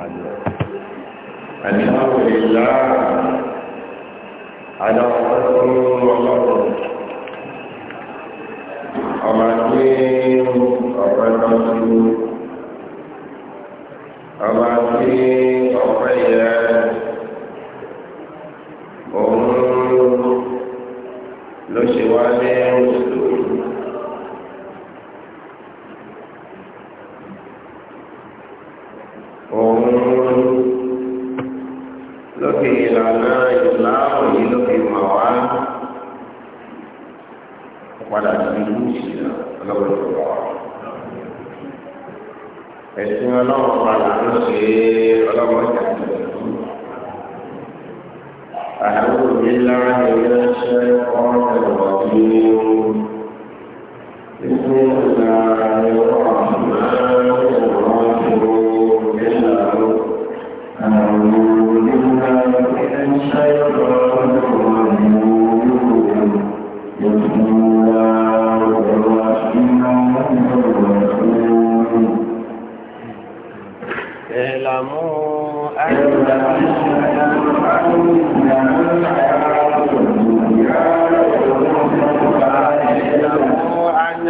الحمد لله على رسول الله أماكن أفضل أماكن أفضل òun ló ṣe wá ní mùsùlùmí padà sínú ìṣìnà ọlọ́wọ́ ìjọba wa. ẹ̀sìn ọlọ́wọ́ padà ló ṣe ọlọ́wọ́ ìjọba ìlú. أعوذ بالله من الشيطان الرجيم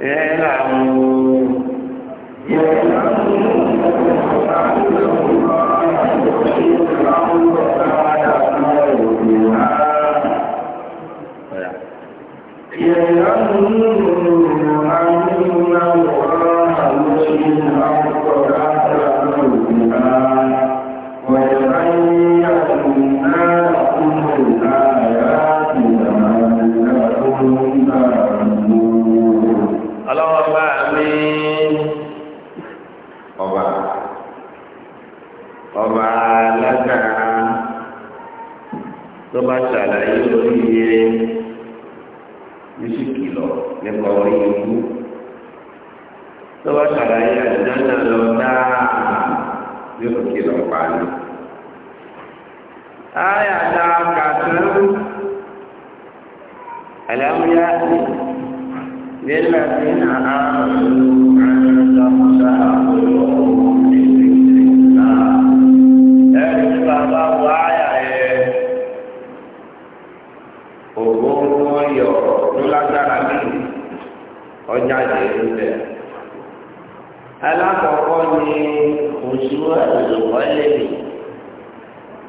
يَعْلَمُ أَنَّ اللَّهَ مُسْلِمٌ àlàyé lórí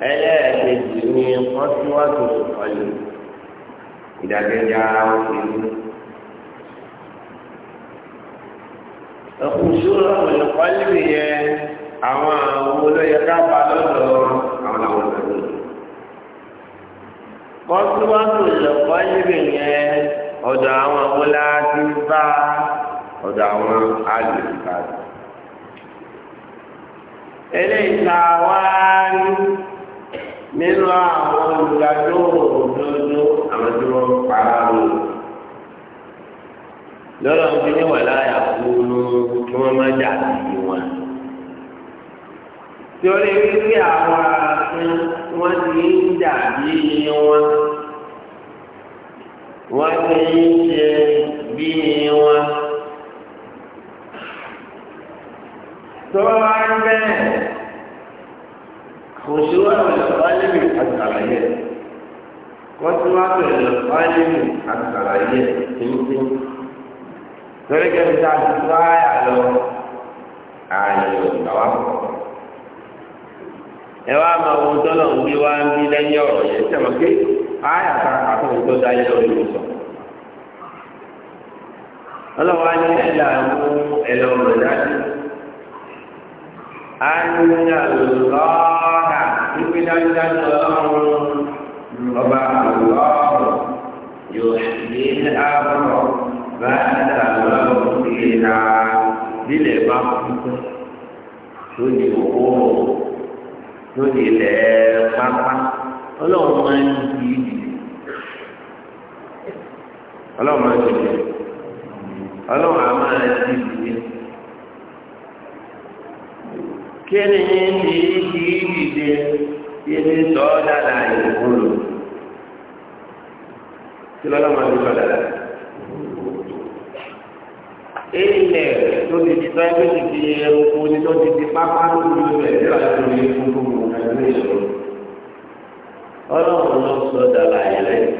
ẹlẹ́ẹ̀kejì ni wọ́n síwájú ọ̀lẹ̀ ìdàkejì òṣèlú. ẹ̀kúṣú lọ́wọ́ ìkọ́lé yẹn àwọn àwọn olóyè kápá lọ́dọ̀ àwọn àwọn wọ́n síwájú yẹn ọ̀dọ̀ àwọn àwọn láti bá ọ̀dọ̀ àwọn àlùfáà. eléyìí ta wá ní. nínú àwọn olùdájọ́ òdodo àwọn tí wọ́n para rò lọ́dọ̀ ń fi ní wàhálà àkúrú kí wọ́n má jà sí wọn. tí ó lè rí pé àwọn ààfin wọ́n ti ń jà bí wọn wọ́n ti ń ṣe bí wọn. tó bá ń bẹ́ẹ̀. خشوع القلب الصلاحية قسوة القلب الصلاحية تمتم ترجع بتاع الصلاة على على التوافق ẹ wá máa wo tọ́lọ̀ ń gbé wá ń bí lẹ́yìn ọ̀rọ̀ yẹn tẹ̀mọ́ pé àyà ta àtúntò tó dá yẹ lórí mi sọ. ọlọ́wọ́ á ní ẹ̀là mú ẹ̀lọ́rọ̀ dájú. á ní àlùkò wípé dájúdájú ọlọ́run ọba àlọ́ yóò ṣe é àbọ̀ bá àtàlọ́ ìlà lílẹ̀ bá kú lónìí òkú lónìí ilẹ̀ pápá ọlọ́run máa ń di ìdí ọlọ́run máa ń di ìdí ọlọ́run á máa di ìdí kíni ní kí dìde kíni sọ dára ìkúlù kí lọ́la máa fi sọ dára. ilẹ̀ tó ti di tọ́ ẹgbẹ́ ti di ẹranko ní tó ti di pápá lórí ibẹ̀ tí wàá tó lè fún gbogbo ẹgbẹ́ ìṣòro. ọlọ́run ló sọ dára ìlẹ́yìn.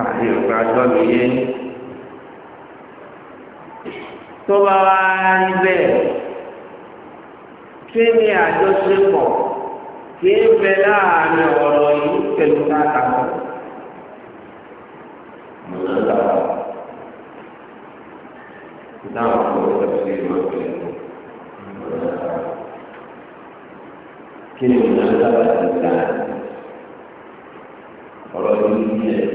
àti ìgbà tó lè yé tó bá wá rí bẹ́ẹ̀ kí ni àjọṣepọ̀ kí ń bẹ láàrin ọ̀rọ̀ yìí pẹ̀lú tààtàkọ́. Táwọn ọmọ ọ̀sẹ̀ sí ìmọ̀ ìpínlẹ̀ kí ni ìmọ̀ ìjọba ti gbà ọ̀rọ̀ yìí ní ẹ̀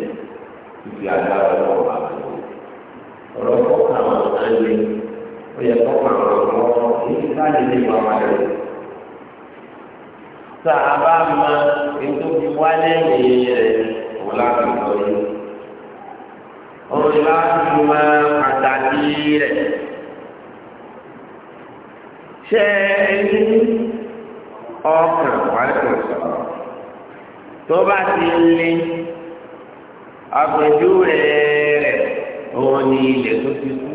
fífi agbára lọ́wọ́ àbẹ̀wò ọ̀rọ̀ kọ́kọ́ àwọn ọ̀sán yẹ kó kàn lọ́wọ́ èyí sáyé ní ìwà wà lẹ́yìn. tá a bá ma ètò fi wá lẹ́yìn rẹ̀ wọ́n láti sọ yìí. òun láti ma pàtàkì rẹ̀. ṣé ẹni ọkàn wà lẹ́yìn sọ̀rọ̀ tó bá ti lé àpèjúwe rẹ̀ òun ni ilẹ̀ tó ti kú.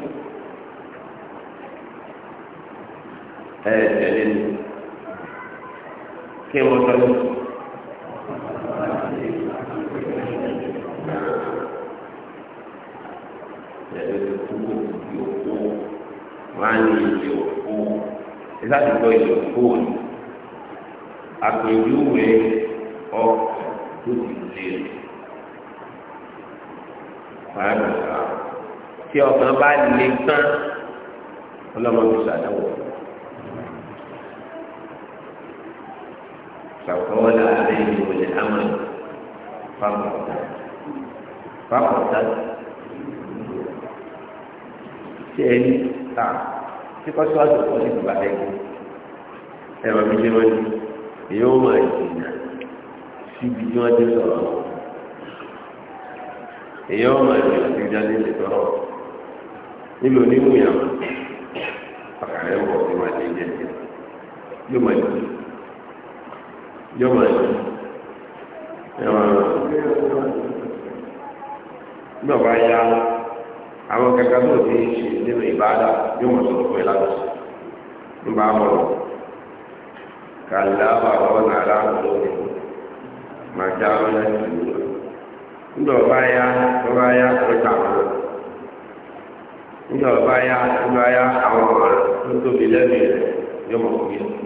ẹ tẹ̀lé mi kí wọ́n sọ yìí. Tẹ̀lé tó kúrò ìdí òkú wọ́n á ní ìdí òkú ìsáàtì lọ ìdí òkú òní. Àpèjúwe ọkọ̀ tó ti lè pàápàá tí ọkàn bá lè tán ọlọ́mọ fi ṣàdánwò. فقال عليه الأمر فقط فقط سيني تعب في قصة القصة بعدين ẹ̀rọ mi ṣe wọ́n ni èyí ó máa jìnnà síbi tí wọ́n ti sọ̀rọ̀ èyí ó máa jìnnà síbi nílò onímù yàrá ọ̀kàrẹ́ wọ̀ sí máa jẹ́ jẹ́ yóò máa jìnnà yọmọ ẹ yọmọ ẹ nígbà bá yá àwọn kankan tó ti ṣe nínú ìbáadá yóò mọ sọ̀rọ̀ fún ẹ láti ń bá wọn lọ kàlá àwọn ọ̀nà aláàbò lónìí màá dá wọn láti ìlú nígbà bá yá tó bá yá tó ta wọn nígbà bá yá tó bá yá àwọn ọ̀rọ̀ tó tóbi lẹ́nu rẹ̀ yóò mọ̀ fún yẹn.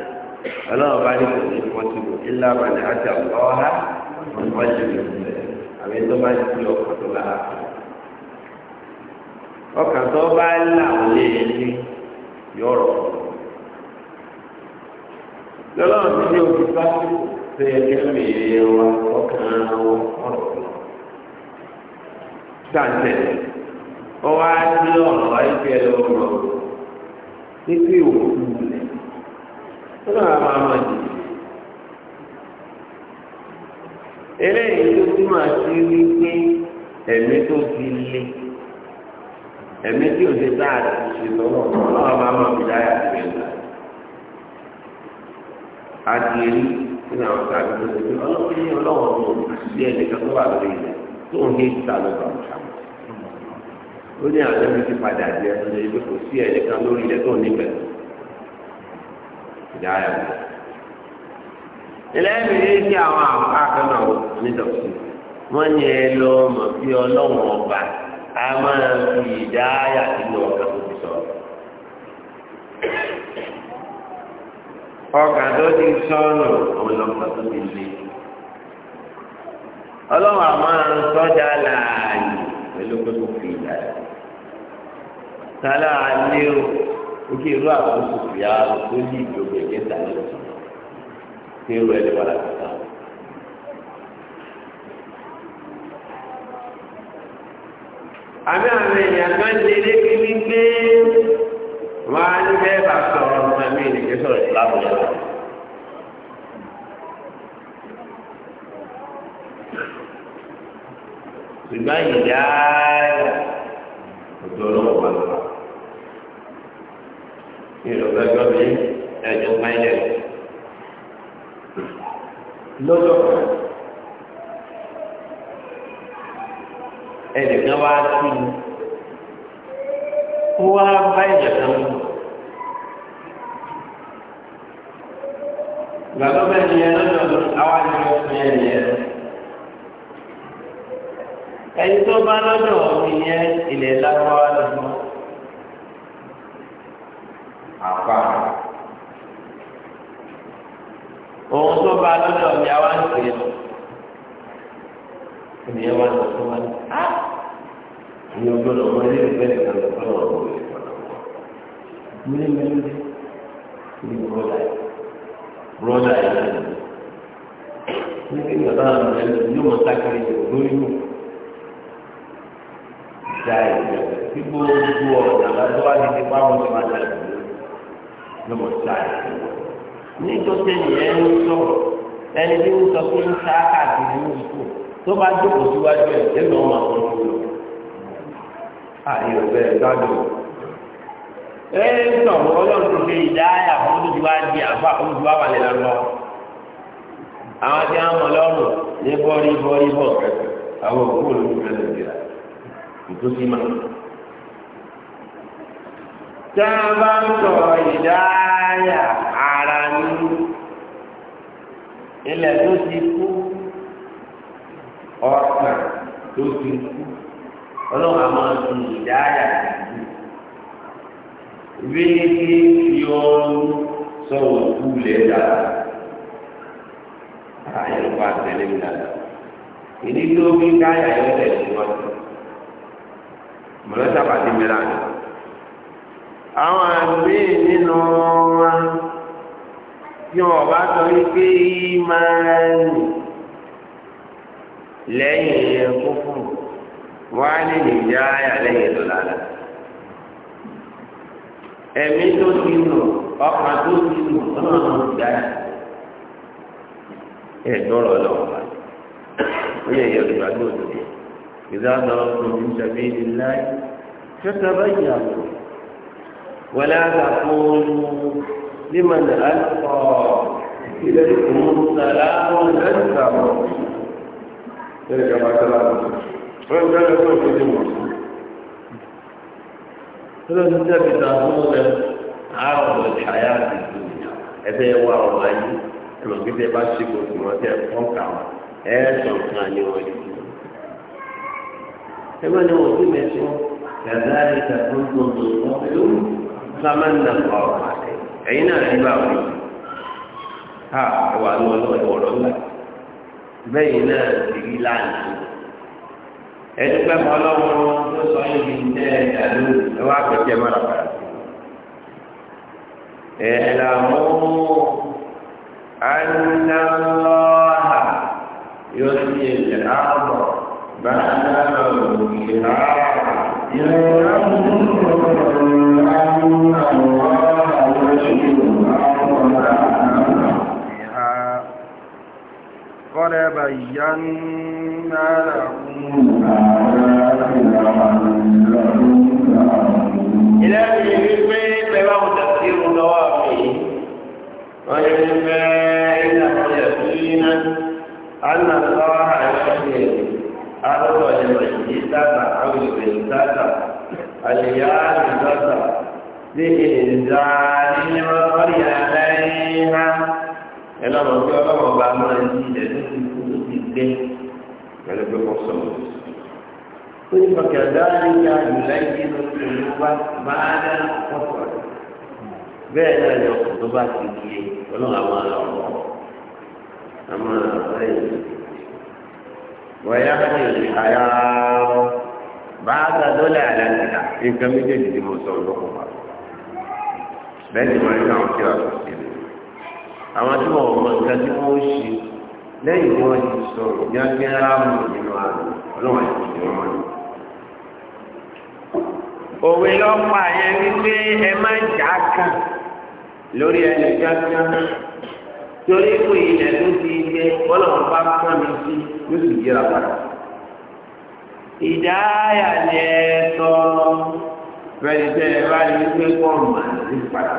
ọlọ́run bá ní kò ní fún ọtí kò ilá balẹ̀ àti àbọ̀wá wọn ṣe lè fẹ́ àmì tó bá ti fi ọkọ̀ tó lára ọkàn tó bá là ó lé ní yọrọ lọ́lọ́run ti di òkú bá tó yẹ kẹ́mi wa ọkàn wọn ọ̀rọ̀ gbàǹtẹ̀ ọwọ́ á ní ọ̀rọ̀ ayé fẹ́ lọ́rọ̀ títí òkú tó náà máa máa dì eléyìí tó túmọ̀ sí wípé ẹ̀mí tó fi lé ẹ̀mí tí ò ṣe tá a ti ṣe lọ́wọ́ náà máa máa fi dáyà sí ẹ̀dá adìrí nínú àwọn tàbí tó ṣe pé ọlọ́wọ́ ní ọlọ́wọ́ tó ṣe ẹnìkan tó wà lórí ilẹ̀ tó ń hé ìta lọ́wọ́ àwọn ó ní àwọn ẹbí ti padà jẹ ọ̀nà ìgbé kò sí lórí ilẹ̀ tó níbẹ̀ tó yáyà wọ̀. ìlẹ́yìn méjì sí àwọn àkànnà onítọ̀sí wọ́n ní ẹ lọ mọ̀ sí ọlọ́run ọba a máa fi ìdáyà nínú ọ̀kan tó ti sọ. ọkàn tó ti sọnù ọmọ ìlọ́kàn tó ti lé. ọlọ́run a máa sọ́jà láàyè pẹ̀lú pé kò fi ìdáyà. sálá alẹ́ o ojú ìlú àwọn oṣù yà tó ní ìjọba ẹgbẹ́ ìdáná lọ sí ìlú ẹni wà láti ta. àmì àwọn èèyàn kan lè lébi wípé wọn á ní bẹ́ẹ̀ bá sọ̀rọ̀ ọmọ mi nìkan sọ̀rọ̀ ìsìlámù yàrá. ṣùgbọ́n ìyá ọ̀dọ́ ọlọ́wọ́ wà lọ́wọ́ ìrọ̀lọ́jọ́ mi ẹ̀jọ̀ máyẹ̀ lọ́jọ́ kan ẹnìkan wá sí mi ó wá bá ẹ̀jẹ̀ kan mú. gbàgbọ́ bẹ́ẹ̀ ni ẹ̀rọ lọ́dọ̀ àwọn àjọ fún ẹ̀ ni ẹ̀rọ. ẹni tó bá lọ́dọ̀ ọ̀gbìn yẹn ilẹ̀ lágbára lọ́dọ̀ àpá. Ohun tó bá lọ́dọ̀ mi á wá ń pè é lọ. Ènìyàn wá ń sọ fún wa ní. Ní ọjọ́ lọ, wọ́n lé ìgbẹ́ nìkan lọ fún ọ̀rọ̀ òwe ìpàdé wọn. Mo ní mẹ́rin ní bọ́dà yìí. Bọ́dà yìí náà nìyí. Ní kí ni ọ̀dọ́ àwọn ọ̀rẹ́ mi lórí mi? Ìjà ìjà tí gbogbo ọ̀nà àbájọ́ wá ní ti pa àwọn ọmọ àdàlù lọ́wọ́ sáyé nítorí ẹnìyẹn ń sọ̀rọ̀ ẹni tí ń sọ pé ń sá káàkiri ní ìkó tó bá jókòó síwájú ẹ̀ ẹ̀mí ọmọ àwọn ọmọ lọ. àyè gbádùn. ẹ ń sọ̀rọ̀ ọlọ́run ti fi ìdáyà fún olùdíwá di àbá olùdíwá balẹ̀ lọ́wọ́. àwọn tí wọ́n mọ̀ lọ́rùn ní bọ́rí bọ́rí bọ̀ kẹ́kẹ́ àwọn òkú olùdíwá lè dìrà nítorí máa. tẹ́ ẹ bá ń sọ ìdáyà ara ní ilẹ̀ tó ti kú ọkàn tó ti kú ọlọ́run àmọ́ ti ìdáyà kú bí kí fi sọ òkú lẹ̀ dára tó bí káyà tẹ̀lé àwọn àgbé nínú wọn tí wọn bá sọ wípé máa ń lẹ́yìn kúkú wá ní nìjà àyàlẹ́yìn tó lára ẹ̀mí tó ti nù ọkàn tó ti nù ọlọ́run ti dá ẹ̀ dọ́rọ̀ lọ́wọ́ ó yẹ ìyọ̀dùn àgbò òdòdó ìdáná ọkùnrin sàbí ìdílá ṣẹ́ta báyìí àgbò. ولا تقولوا لمن ألقى إليكم السلام أنتم ذلك ما سلام كان يكون في عرض الحياة الدنيا إذا يوارد أي كما قلت يباشكوا في موتى فوقع كان kan ni wọ́n yìí. ẹ bá فمن نقر عليه اين الباب ها هو الموضوع الاول بين الجيلان اتبع الله وصحبه الناس الو واقف يا مرحبا اعلموا ان الله يحيي الارض قد بينا لكم إلهي بالبيت باب تفسير دوابه ويجمعنا يقينا أن الله يحيي أرض المسجد الرسالة أو الرسالة الياء الرسالة لإنزال المطر عليها إلا ما في الله وبعد ما نزيد نقول في الدين على بقصة موسى ثم كذلك يلين القلوب بعد القصر بين الخطبات الدينية ولو أمانة الله أمانة الله ويحيي الحياة بعد دلالتها إن كم يجد مصورهما بل ما يدعو كلا تفسير أما تبعو من كتبوش لا يكون يصور يكي رام الجنوان ولو يكون òwe lọ́pàá yẹn wípé ẹ má jà kan lórí ẹni jákèjá torí pé ilẹ̀ tó ti gbẹ ọlọ́run bá kán mi sí yóò sì yíra padà. ìdáyà ni ẹ sọ fẹ́ni tẹ́ ẹ bá rí pé pọ́ọ̀mù àti padà.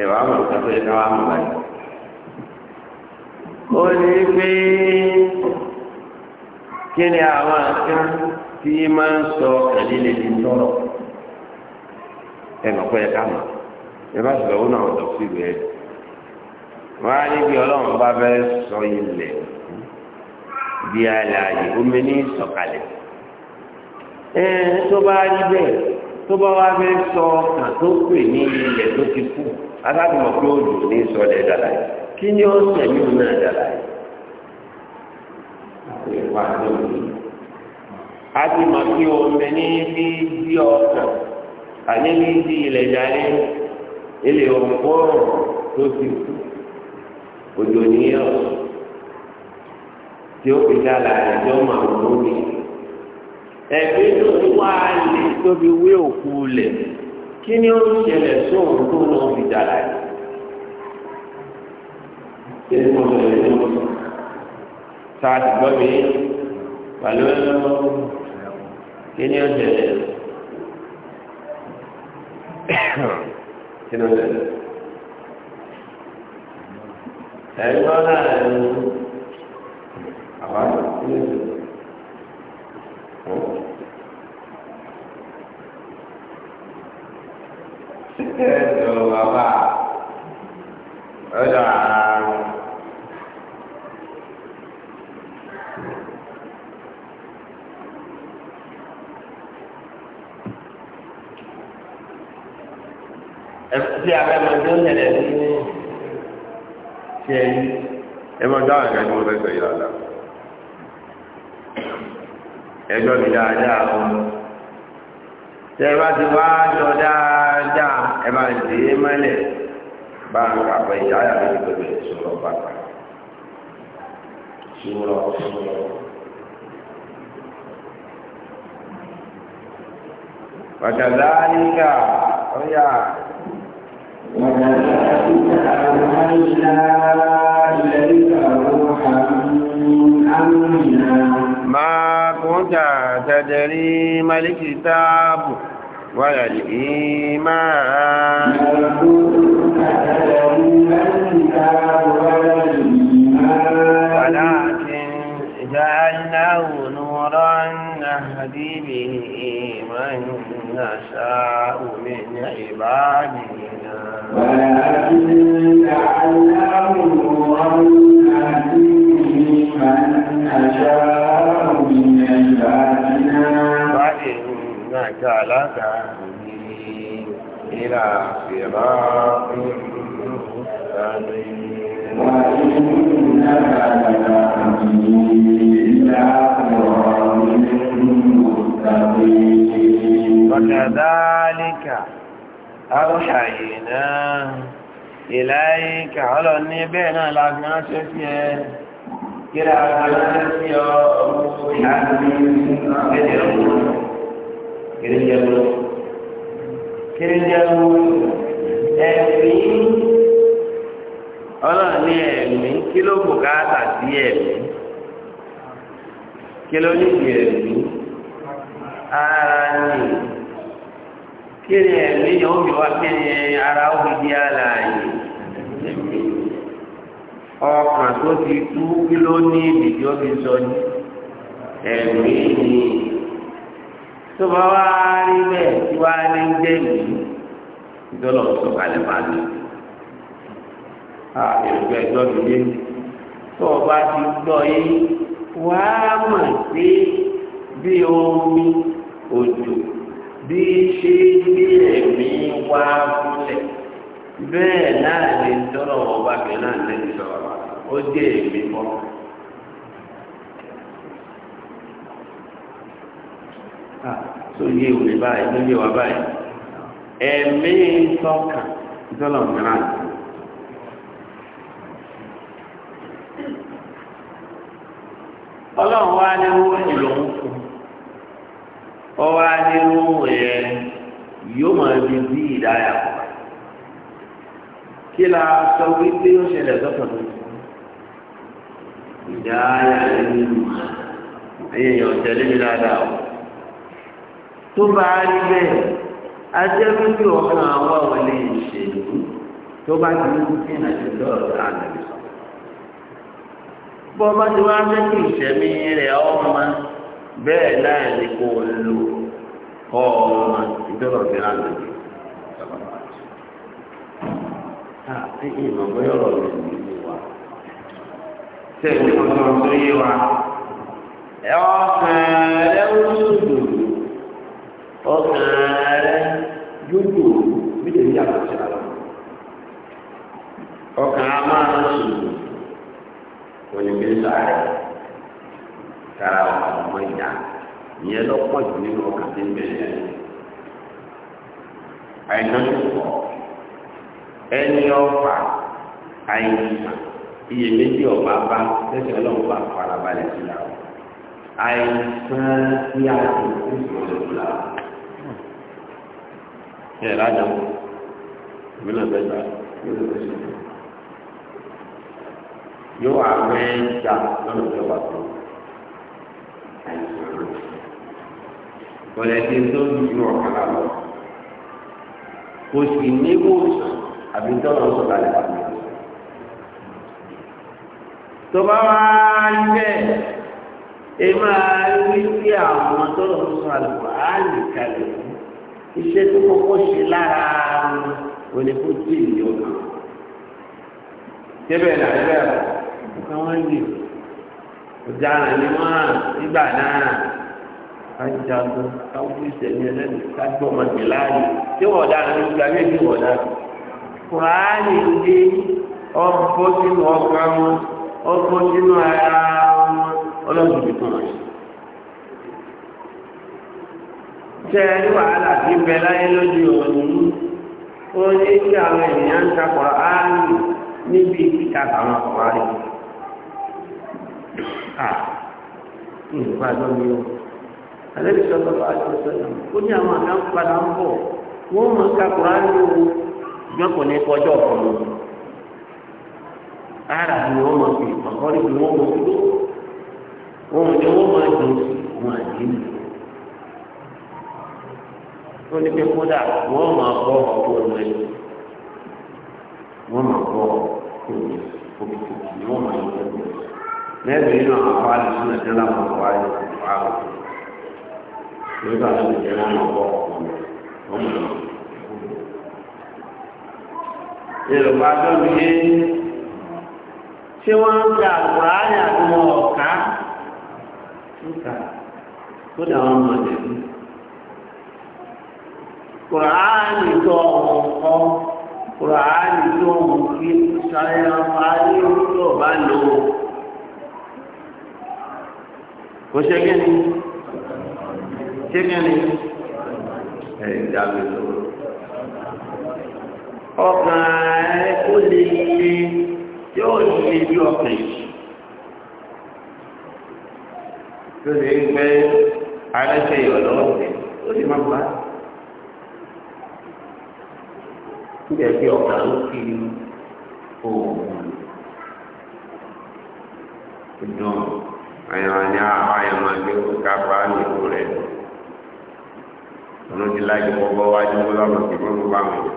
ẹ wàá mọ̀ kẹ́kọ̀ọ́ yẹn ká wàá mọ̀ báyìí. ó ní pé kí ni àwọn kan tí máa ń sọ kàlílẹ̀ ẹ̀ mọ̀ kọ́ yẹ ká mọ̀ ìbá sì lọ́wọ́ náà ọ̀dọ̀ sí ìwé ẹ̀ wọ́n á níbi ọlọ́run bá fẹ́ sọ ilẹ̀ bí alààyè omi ní ìsọ̀kalẹ̀ ẹ tó bá rí bẹ́ẹ̀ tó bá wá fẹ́ sọ ọkàn tó pè ní ilẹ̀ tó ti kú alábìmọ̀ pé òjò ní ìsọ̀lẹ̀ dàlà yìí kí ni ó sẹ̀mí òun náà dàlà yìí. a ti mọ̀ pé omi ní bí bí ọkàn àní ní bí ilẹ̀ dàlẹ́ yìí ele é um bom òjò nìyẹn tí ó fi dára ẹjọ́ máa wọ́n lórí ẹ̀mí tó ti wá lè tóbi wé òkú lẹ̀ kí ni ó ń ṣẹlẹ̀ sóhun tó lọ́ não dára yìí. ṣé mo lọ lè lọ sáàtì gbọ́ mi pàlọ́ kí ni kí ló ẹ̀yìn wọn náà ẹ̀yìn àwọn kí ló dé síkẹ̀ ẹ̀dọ̀ bàbá. tí ẹ ní ẹ máa dá àgbà tí mo fẹ́ sọ ìlànà ẹjọ́ mi dáadáa wọn tí ẹ bá ti wá jọ dáadáa ẹ bá dé mọ́lẹ̀ bá ń kà pé ìyá àyà mi ti bẹ̀rẹ̀ sọ̀rọ̀ bàbà sọ̀rọ̀ sọ̀rọ̀. وكذلك ويا ما كنت تدري ما الكتاب ولا الإيمان ولكن جعلناه نورا نهدي به من نشاء من عبادنا ولكن جعلناه رحمة من نشاء من عبادنا فإنك لتهدي إلى صراط مستقيم وإنك لتهدي إلى وكذلك أوحينا إليك ọlọ́ni bẹ́ẹ̀ náà láti ránṣẹ́ sí ẹ kí ra ránṣẹ́ sí ọ kìrìjẹ̀wò kìrìjẹ̀wò ẹ̀mí ọlọ́ni ẹ̀mí kí ló bùkátà sí ẹ̀mí ní kíni ẹ̀mí yẹn ó yọ wá kíni ara ó fi di àlàyé ọkàn tó ti tú kí ló ní ìdíjú ó fi sọ ní ẹ̀mí ni tó bá wá rí bẹ́ẹ̀ tí wá ní jẹ́ ìlú ìdọ́lọ̀ tó kalẹ̀ máa lò ah èròjọ ẹjọ́ mi yé tó o bá ti gbọ́ yìí wàá mọ̀ sí bí omi òjò. bí ṣe gbé ẹ̀mí wá fúnlẹ̀ bẹ́ẹ̀ náà lè tọrọ ọba kan náà lè sọ̀rọ̀ ó dé ẹ̀mí bọ́. tó yé ìwé báyìí tó yé wa báyìí ẹ̀mí mìíràn. ọwọ́ adéwò yẹn yóò máa di bí ìdáyà kí la sọ wípé ó ṣẹlẹ̀ lọ́sàn-án tó ìdáyà ẹni èèyàn tẹ̀lé mi dáadáa o tó bá rí bẹ́ẹ̀ ajẹ́bíbí ọ̀kan àwọn àwọn ilé ìṣèlú tó bá ti ní kí àti lọ́ọ̀rọ̀ àná bọ́ bá ti wá fẹ́ ìṣẹ́mi rẹ̀ ọmọ máa bẹ́ẹ̀ náà ni kò lò kọ́ ọmọ ìjọba fi hàn lójú ìmọ̀ bóyá ọ̀rọ̀ rẹ̀ ní ìlú wa ṣe ìdí kan tó ń yóò bí lè yàtọ̀ sí ara ọkàn á máa ń sùdù kò ní kára ọkàn ọmọ ìyá ìyẹn lọ́pọ̀ jù nínú ọkàn tí ń bẹ̀rẹ̀ àìsàn tó pọ̀ ẹni ọ̀fà àìsàn iyèméjì ọba bá tẹsí ọlọ́run bá farabalẹ̀ sí la àìsàn tí a ti kú ìṣòro la ẹ rájà mọ èmi náà bẹ gbà yóò lè fẹsẹ̀ yóò àwọn ẹja lọ́nà tó wà ọ̀rẹ́ ti tó ju ọ̀kadà lọ kò sì ní wòsàn àbí tọ́lọ̀ sọ̀rọ̀ àlẹ́ pàtó tó bá wá rí bẹ́ẹ̀ ẹ máa rí sí àwọn tọ́lọ̀ sọ̀rọ̀ àlùkò àlè kalẹ̀ fún iṣẹ́ tó kọ́kọ́ ṣe lára wọn ni kó tí ì yọ kàn. débẹ̀ náà ẹ bẹ́ẹ̀ kọ́ káwọn ń yìí. ọjà rẹ̀ ni wọ́n á nígbà náà kájà lọ káwọ́ ìṣẹ̀lẹ̀ ẹlẹ́nu kájọ́ ọmọdé láàyè tí wọ́n dára ní ìgbà yẹn ní wọ́n dára. kùránì dé ọgbọ́n sínú wọn sínú ara wọn ọlọ́dún ti tẹ ẹni Ah. Hmm, à ní ìgbàgbọ́ mi o àlẹ́bí sọ́kọ́ bá aṣọ ní o ṣùgbọ́n kò ní wọ́n ní pé kódà wọ́n mọ̀ bọ́ ọ̀pọ̀ ọ̀rọ̀ ẹ̀ wọ́n bọ́ ẹ̀ ẹ̀ mẹ́rin nínú àwọn àwọn àdìsúnà tí wọ́n mọ̀ wá ní ìfàwọ̀ nígbà tó jẹ́ wọ́n mọ̀ bọ́ ọmọ lọ. Yorùbá tó ń gbé tí wọ́n ń fi àgbà ayà tó mọ ọ̀ká Kùràánì tó ọ̀hún kọ́ Kùràánì tó ọ̀hún kí sáré ọmọ ayé tó bá lò kò ṣe kí ni ṣe kí ni ẹ jáde lọ́wọ́ ọkàn ẹ ó lè le yóò lè bí ọkàn yìí tó lè gbé arẹsẹ ìrọ̀lẹ́ ọ̀sẹ̀ ó lè má bá níbẹ̀ bí ọkàn ló kiri oògùn ìdùnnú àyàn ní àwọn àyàn máa gbé ká pa á nìkú rẹ̀ wọn ti láti kọ́kọ́ wájú wọn lọ́nà tí wọ́n mú bá wọn.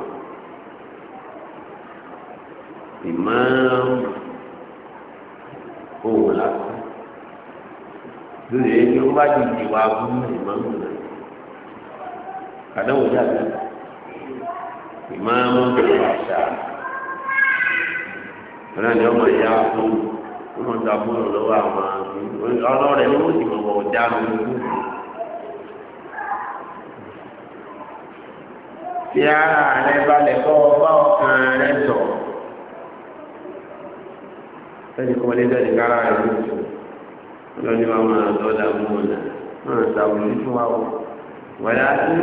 ìmáàmù owó lásán lórí ẹni ó bá ti di wá bú ìmáàmù náà kàdáwò jáde ìmáàmù tó wà sáà wọn náà ni wọn máa yá fún un ó mọ̀ gba bọ́ọ̀lù lọ́wọ́ àwọn ọlọ́rẹ̀ ló sì mọ̀ wọ̀ ọ̀dá mi lójú. Fi ara rẹ balẹ̀ kọ́ ọba ọkàn rẹ sọ. Sẹ́ni kọ́ lé sẹ́ni kára rẹ lójú. Ọlọ́ni wa máa lọ́dà mú ọ̀nà. Máa ṣàwùjọ fún wa wọ̀. Wẹ̀lá sí.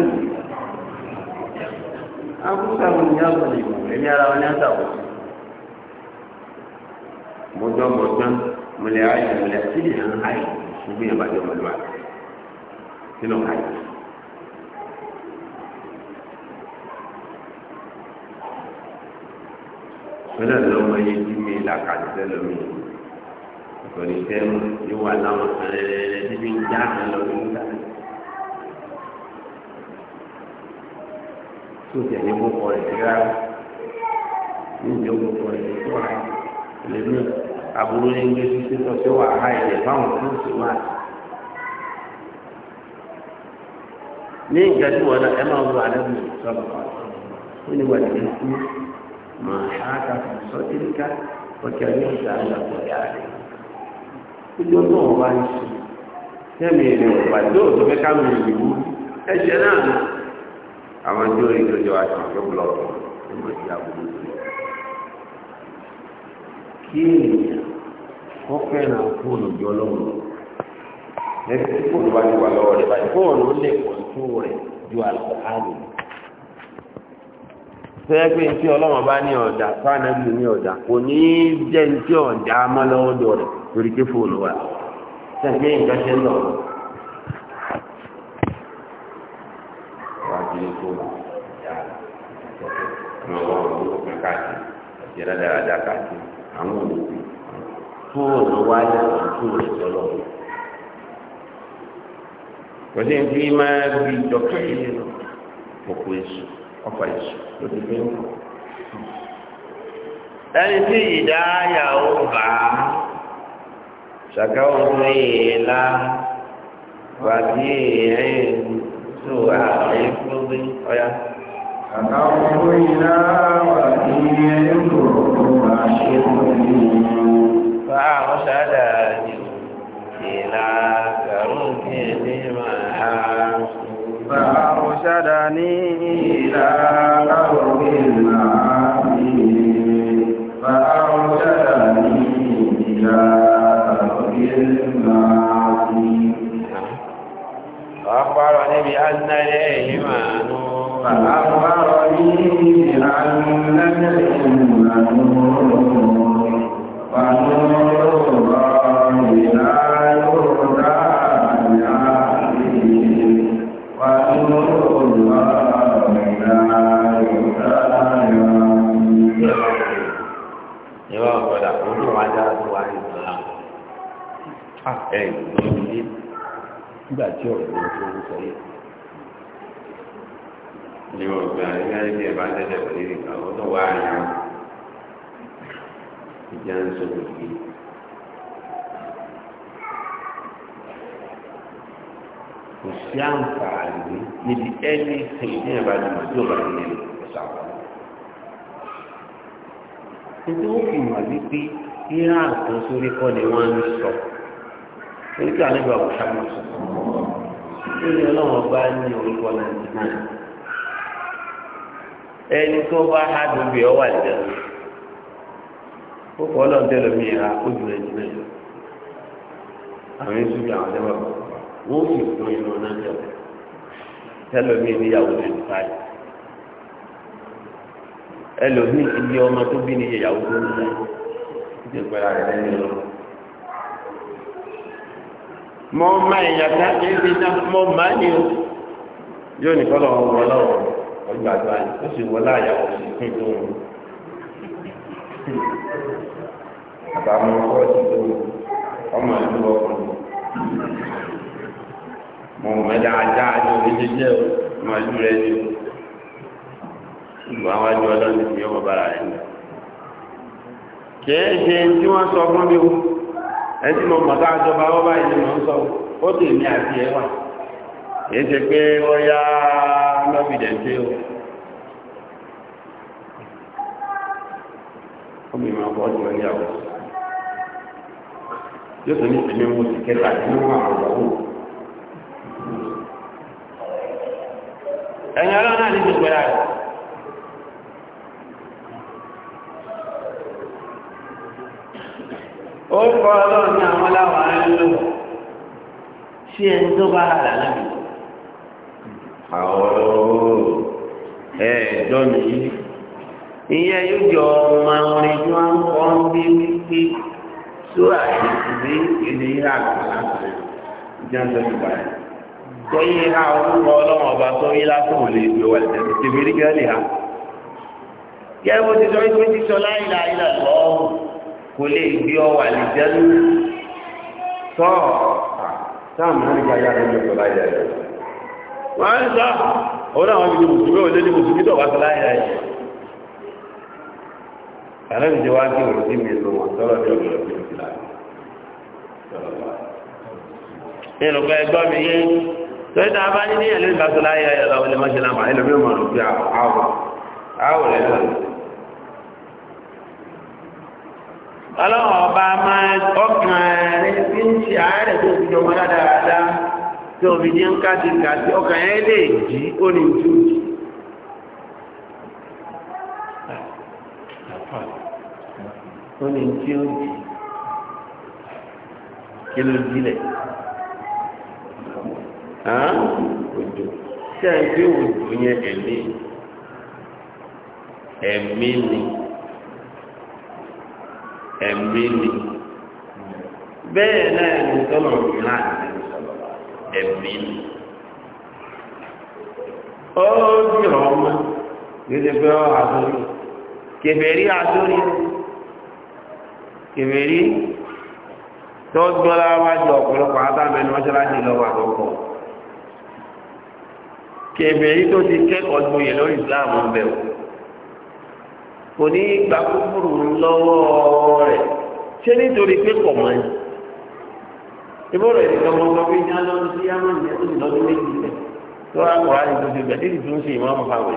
Akúṣàwùjọ ìyá ọ̀gbọ̀n ìgbò ẹ̀mí ara wọn ní àtàwọn mọjọ mọjọ mọlẹ ayé mọlẹ tìlì hàn ayé gbogbo yẹn bàjẹ́ mọlẹ wa sínú ayé. wọ́n lọ lọ́mọ yẹn bí mi là kà sí lọ́mọ yẹn ìkọ̀lì sẹ́mu wà láwọn ẹ̀ẹ́dẹ́gbẹ́ níbi ń já àwọn lọ́mọ yẹn dá. tó tẹ̀lé mú kọ́ ẹ̀ rárá ní ìjọba kọ́ ẹ̀ tó rà lẹ́nu ẹ̀ aburú ní gbé sí sísọ tí wàá ha ilẹ̀ fáwọn tó ń sè wá. ní ìgbà tí wọn ẹ máa wọ alẹ́ mi sọ̀rọ̀ ó ní wàá lè kú màá ha ká fún sọ́dínká ọ̀kẹ́ ọ̀yọ́ ìgbà àgbàgbọ̀ yá rẹ̀. ìjọ náà wá ń sùn tẹ́mi ìrìn ọ̀pá tó tó fẹ́ ká mi ìlú ẹ̀jẹ̀ náà lọ. àwọn tí ó rí ìjọjọ àti ìjọba lọ́wọ́ ló mọ̀ sí àbúrò tó yẹ. kí wọ́n fẹ́ràn fóònù jọ lọ́wọ́ lẹ́sìn tí fóònù bá ti wà lọ́wọ́ rẹ̀ báyìí fóònù lè kọ̀ǹtó rẹ̀ ju àlùkàlù sẹ́gbẹ́ ntí ọlọ́wọ́n bá ní ọ̀dà fáànàbì ní ọ̀dà kò ní í jẹ́ ntí ọ̀dà amálọ́wọ́dọ̀ rẹ̀ torí pé fóònù wà sẹ́gbẹ́ nǹkan ṣe ń lọ. wájú fóònù yára ọmọ ọmọ ọmọ ọmọ káàkiri àti ẹ̀rọ dáradára káàkiri àwọn olùkọ́ tó òun wá yàtọ̀ tó rẹ̀ sọ́lọ́ kò sí ní máa bí dọ́kítà yìí lọ kókó èso ọkọ̀ èso ló ti fi ń kọ̀. ẹni tí ìdáyà ó bá ṣàkáwọ́ ní ìlà wàbí ẹ̀yìn tó àárín fún mi ọ̀yá. ṣàkáwọ́ ní ìlà wàbí ẹ̀yìn tó àárín fún mi. فأرشد إلى كرب المعاد فأرشدني إلى كرب المعاد فأرشدني إلى كرب المعاد فأخبرني بأن الإيمان فأخبرني nígbà ọ̀rọ̀ tó ń sọ yìí. Ní ọ̀gbìn àríyá ilé ẹ̀bá pẹ̀lú ìgbà ọdún wà ìjà ń sọ òkè. kò sí àǹfààní níbi ẹni ìsìnkú ìyẹn bá ti mọ̀ tí ò bá ti lè sà wọ́n. Ètò ó fi mọ̀ wípé ìhà kan sórí kọ́ ni wọ́n ọlọ́run ọba ní orúkọ náà ti náà. Ẹni tó bá bí ọ ó kọ́ ọlọ́run tẹ́lẹ̀ mí ha ó jù ẹ̀jì náà àwọn èso bí àwọn ẹ̀jẹ̀ wọ́n sì fún inú náà tẹ́lẹ̀ tẹ́lẹ̀ mí níyàwó twenty five ẹlòmíì iye ọmọ tó bí ní ìyàwó tó ń lọ ìdè pẹ̀lú àrẹ lẹ́yìn lọ. mọ ọmọ èèyàn ká kí ebi mọ o yóò ní kọ́ lọ́wọ́ wọlọ́wọ́ ọgbà tó ó sì àtàwọn ọkọ ti tó ọmọ ìlú ọkùnrin mọ̀ dáadáa ní oníṣẹ́jẹ́ ọmọ ìlú rẹ̀ ni ìgbà wájú ọlọ́run ti yọ bàbá rẹ̀ ni kìí tí wọ́n sọ fún mi o ẹ mọ̀ a jọba ni mo ń sọ níyàwó yóò tó ní ìsinmi mo ti kẹta tí wọn máa wọ wò. ẹ̀yin ọlọ́run náà ní ti gbẹ́ra rẹ̀. ó kọ́ ọlọ́run ní àwọn aláwọ̀ ayé ló ṣí ẹni tó bá rà lábẹ́. àwọn ọ̀rọ̀ ẹ̀ẹ́dọ́nù yìí ihe yóò jọ ọmọ orin tí wọ́n kọ́ ń bí wípé sóra ìdílé ìdílé ha orúkọ ọlọ́wọ́n ọba tó lásán lè gbé wà lẹ́nu rí ha. kí ẹ ti sọ wípé sísọ láìla ilà lọ́wọ́ kò lè gbé ọ wà lè jẹ́nu tọ́ táà máa ń gba yára ní ọ̀sọ̀ láìla ilà. wọ́n á sọ kàlẹ́ ìjọ wá kí òrùn sí mi lò wọ́n sọ́rọ̀ bí ọ̀gbọ̀n ọ̀gbọ̀n ti láàyè nínú pé ẹgbọ́n mi yé torí tá a bá ní ní ẹ̀lú ìgbàsọ láyé ayọ̀ lọ ilé mọ́ṣẹ́ lámà ẹlòmí mọ̀ ló fi àwọ̀ àwọ̀ rẹ̀ lọ. ọlọ́run ọba máa ọkàn rẹ̀ ti ń ṣe àárẹ̀ tó fi jọmọ dáadáa tó fi ní ń kájí kájí ọkàn yẹn lè jí ó ní ìtújì. ó ní tí ó jì kí ló jílẹ̀ òjò tí a ń gbé òjò yẹn ẹ̀mí ẹ̀mí ni ẹ̀mí ni bẹ́ẹ̀ náà ẹ̀mí tọ́lọ̀ òjò ẹ̀mí ni ó dìrọ̀ ọmọ gẹ́gẹ́ bẹ́ẹ̀ àdórí kẹfẹ́ rí àdórí kèmèrí tó gbọ́lá wájú ọ̀pọ̀lọpọ̀ àtàmẹ́nu mọ́ṣáláṣí lọ́wọ́ àtọ́kọ̀ kèmèrí tó ti kẹ́kọ̀ọ́ gboyè lórí Islam ń bẹ̀rù kò ní gba kúkúrú lọ́wọ́ rẹ̀ ṣé nítorí pé kọ̀ mọ́ ẹ̀ ìbò rẹ̀ nìkan mọ́ sọ pé yá lọ́dún sí yámọ́ ìyẹn tó ti lọ́dún méjì bẹ̀ tó wá kọ̀ láti tó ti bẹ̀ títí tó ń ṣe ìmọ̀ ọmọ fáwọn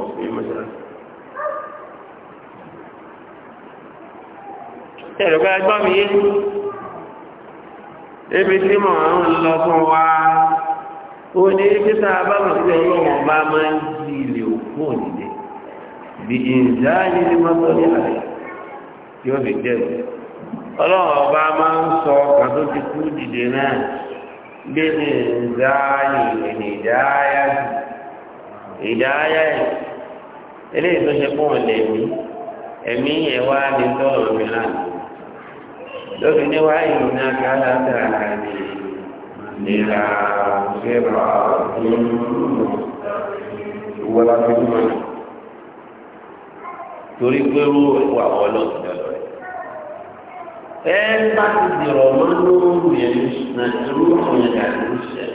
ẹ̀rọ̀gbá ẹgbọ́n mi yé ebi tí mọ̀ ń lọ fún wa ó ní ibi tá a bá mọ̀ sí ọlọ́wọ́n bá máa ń di ilé òkú òdìdè bí ìjà ní ní mọ́tò ní àlẹ́ tí ó fi dẹ́rù ọlọ́wọ́n bá máa ń sọ ọkàn tó ti kú dìde náà bí ìjà ní ìdáyà ìdáyà eléyìí tó ṣe pọ̀ lẹ́mí ẹ̀mí ẹ̀wá ní tọ́lọ̀ mi láàrín lóbi ní wáyé iná kálátà àdé nílà fẹ́rọ̀ ìwọ la fi mọ̀ torí pé ó wà wọ́n lọ́sùn lọ́dọ̀ rẹ̀. ẹ bá ti dìrọ̀ mọ́ lóòrùn yẹn na irú àwọn ẹ̀dá ló ṣẹ̀.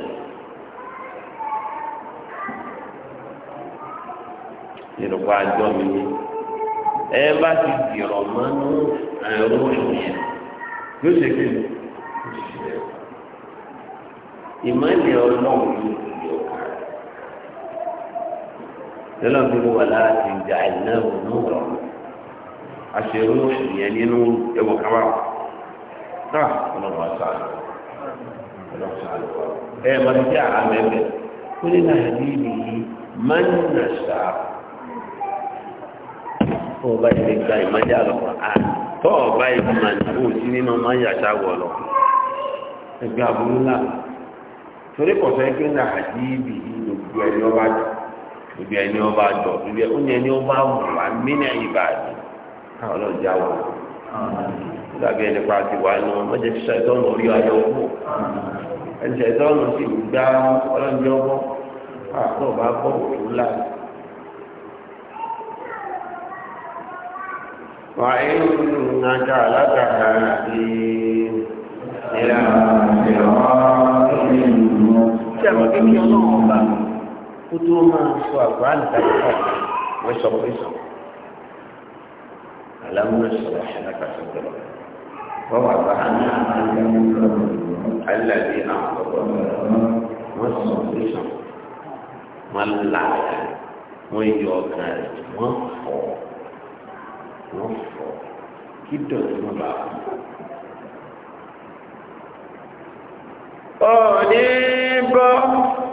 Yorùbá àjọ mi ni ẹ bá ti dìrọ̀ mọ́ lóòrùn ẹ̀rọ ìyẹn yóò ṣe kí ni ìmọ̀lẹ̀ ọlọ́run yóò fi ọkà rẹ̀ lọ́lọ́run tó ló wà lára ti ń jà iná òun rọ̀ àṣẹrú ìyẹn nínú ẹwọ káwá tá ọlọ́run wá ẹ ẹ máa ń jẹ́ àmẹ́bẹ̀ ó ní náà ní ìlú máa ń nà sáà fún ọba ìlẹ́gbà ìmọ̀lẹ̀ àlọ́kọ̀ àná. tọ́ ọ̀bá ìgbìmọ̀ ìyàwó sí nínú ọmọ ìyàṣà lọ ẹgbẹ́ aburú náà torí kọ̀sọ́ ẹgbẹ́ ibi gbogbo ẹni ọba jọ gbogbo ẹni ọba jọ ẹni ẹni ọba mínà ìbàdí káwọn náà já wọ ẹni pa ti wà ọ̀nà orí ayọ̀ ẹni ọ̀nà sì gbá وإنك لتهدي إلى صراط مستقيم kótó máa sọ àgbà nìkan kọ wọ́n sọ pé sọ aláwọ̀ sọ̀rọ̀ ṣẹlẹ̀ka sọ̀rọ̀ wọ́n wà bá alàdé àwọn ọ̀pọ̀ wọ́n sọ pé sọ wọ́n là wọ́n yọ ọ̀gá rẹ̀ wọ́n fọ̀ wọ́n fọ kí dọ̀tí wọn bá kú. òní bọ́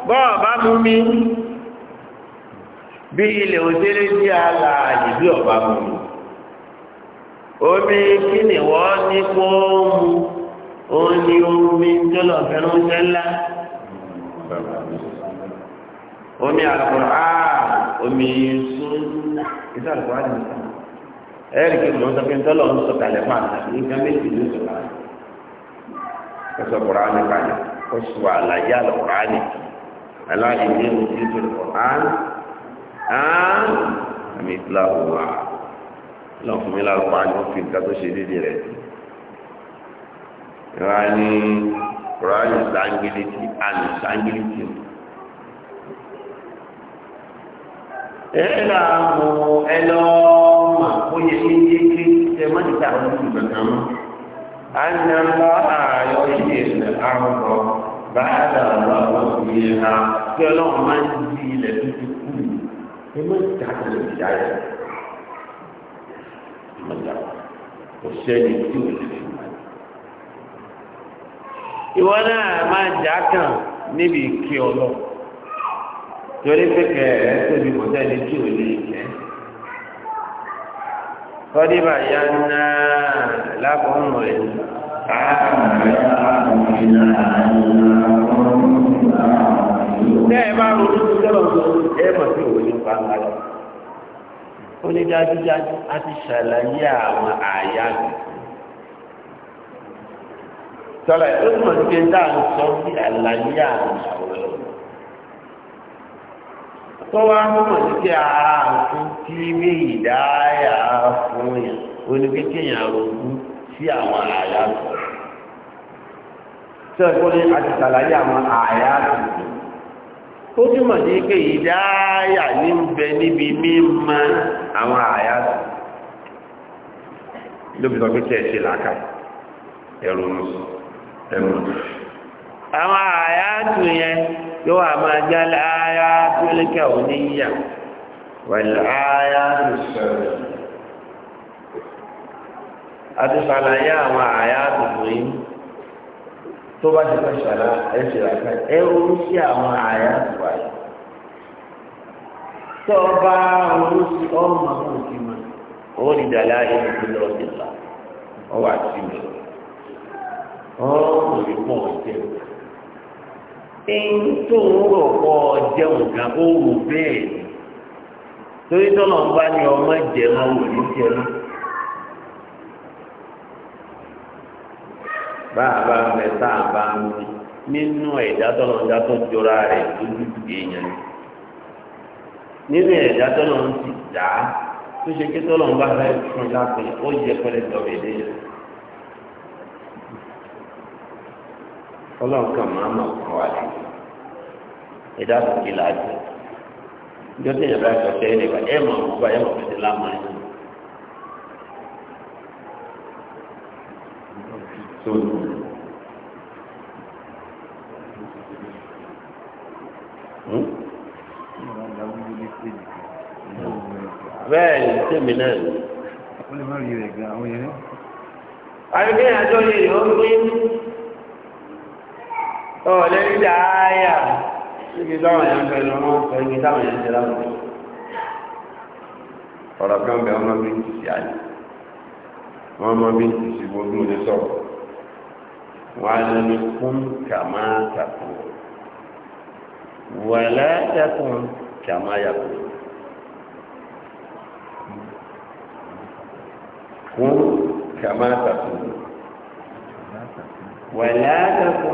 bọ́ọ̀ bá mú mi bí ilẹ̀ òṣèré sí aláàyè bí o mú ni omi omi ẹ̀rí kí ló ń sọ pé ntọ́lọ̀ ń sọ kalẹ̀ fún àná nǹkan méjì ló sọ kalẹ̀ kó sọ kùránì kalẹ̀ kó sọ àlàyé àlọ́ kùránì aláàdì ní ìlú tí tó lọ án án àmì ìfúláwò wà lọ́n fún mi lálọ́ kùránì wọ́n fi nǹkan tó ṣe déédéé rẹ̀ ìwà ni kùránì sangiliti àmì sangiliti ẹ̀ ẹ̀ là mú ẹ lọ́ọ́ ta ọdún kankan mọ́. Anyamba ààyò ṣe ilẹ̀ àrùkọ báyàdà ọ̀rọ̀ ọ̀sùn yìí ha kí ọlọ́run máa ń di ilẹ̀ tuntun kù yìí. Ẹ má jà lè jà yẹ. Ẹ má jà fi máa. Ìwọ náà máa jà kàn níbi ìkí ọlọ́. Torí pé kẹ̀ẹ́ tóbi kò sẹ́ni tí ò lè kọ́dí bàyá náà lákòóhùn rẹ̀ tẹ́ ẹ bá ronú tó lọ́wọ́ tó ẹ mọ̀ sí òwe ní pàmò rẹ̀ ó ti ṣàlàyé dáa ń sọ sí àlàyé àwọn ìṣòro tó wá mọ̀ sí pé tí ah, fún yàn oníkékèyàn rògbú sí àwọn àyà tí ẹ̀kọ́ ní àti àwọn àyà tuntun ó mọ̀ sí pé ìdáyà ní ń bẹ níbi mímọ̀ àwọn àyà tuntun lóbi sọ pé ẹ ṣe làákà ẹrù ẹrù àwọn àyà yóò wà máa já láyá tó lékè òní yíyà wẹ̀lẹ̀ láyá tó sọ̀rọ̀. a ti ṣàlàyé àwọn àyà tuntun yìí tó bá ti fẹ́ ṣàlà ẹ ṣe àká ẹ ronú sí àwọn àyà tuntun yìí. tó o bá ronú sí ọmọ àwọn òsì mọ́ ó ní dàlá ẹni tó lọ sí ìlà ọ wà sí mi ọ kò ní pọ̀ ọ̀tẹ̀ tó ń rò pọ̀ jẹun kan torí tọ́lọ̀ bá ní ọmọ jẹun wò ní jẹun. bá a bá bá nínú tó jọra rẹ lójú èèyàn nínú tó ṣe kí bá fún ó yẹ ọlọ́run kan máa mọ̀ fún wa lẹ́yìn ẹ̀dá kò kí la jẹ ìjọ tí ìyàbá ẹ̀sọ́ tẹ́ ẹ̀ lẹ́gbàá ẹ̀ mọ̀ fún wa ẹ̀ mọ̀ fún ti lámà ẹ̀ sóòlù. Hmm? bẹ́ẹ̀ ni tèmi náà ni. àbíkẹ́yìn àjọ yìí ló ń pín ọ̀lẹ́ níbi àáyà níbi táwọn èèyàn fẹ́ lọ wọ́n fẹ́ níbi táwọn èèyàn jẹ́ láwọn ọ̀rọ̀ kan bẹ ọmọ bí ti sí àyè wọ́n mọ bí wàlá yàtọ̀ kàmá yàtọ̀ kún kàmá kàkó wàlá yàtọ̀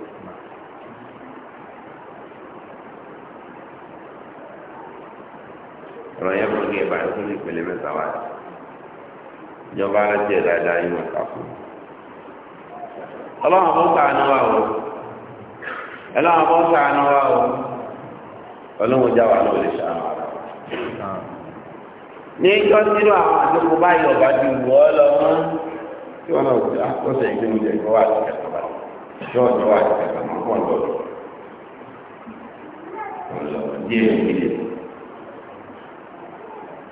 ọ̀rọ̀ yẹn fún ní ẹ̀bà fún ní ìpele mẹ́ta wá ìjọba jẹ́ dáadáa yìí wọ́n kà fún. ọlọ́run fún sàánú wa o ọlọ́run fún sàánú wa o ọlọ́run já wa náà lè sàánú ara wa. ní ìjọ sínú àwọn àdúgbò báyìí ọba ti wù lọ mọ́ tí wọ́n náà wù á lọ́sẹ̀ ìgbé mi jẹ́ ìgbọ́ wa ti kẹta bá yọ̀ọ̀dọ̀ wa ti kẹta mọ́ pọ̀ lọ́dọ̀. ọ̀lọ́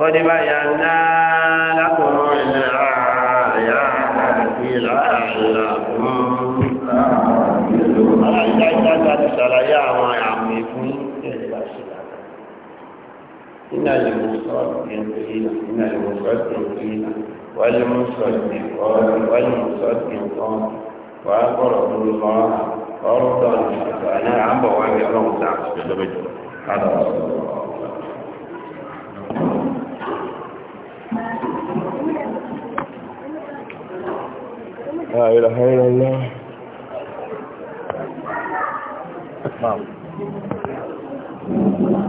قد بينا لكم الآيات لعلكم إن المصدقين إن المصدقين والمصدقات والمصدقات وأقرضوا الله قرضا حسنا عم الله تعالى هذا رسول الله لا إله إلا الله نعم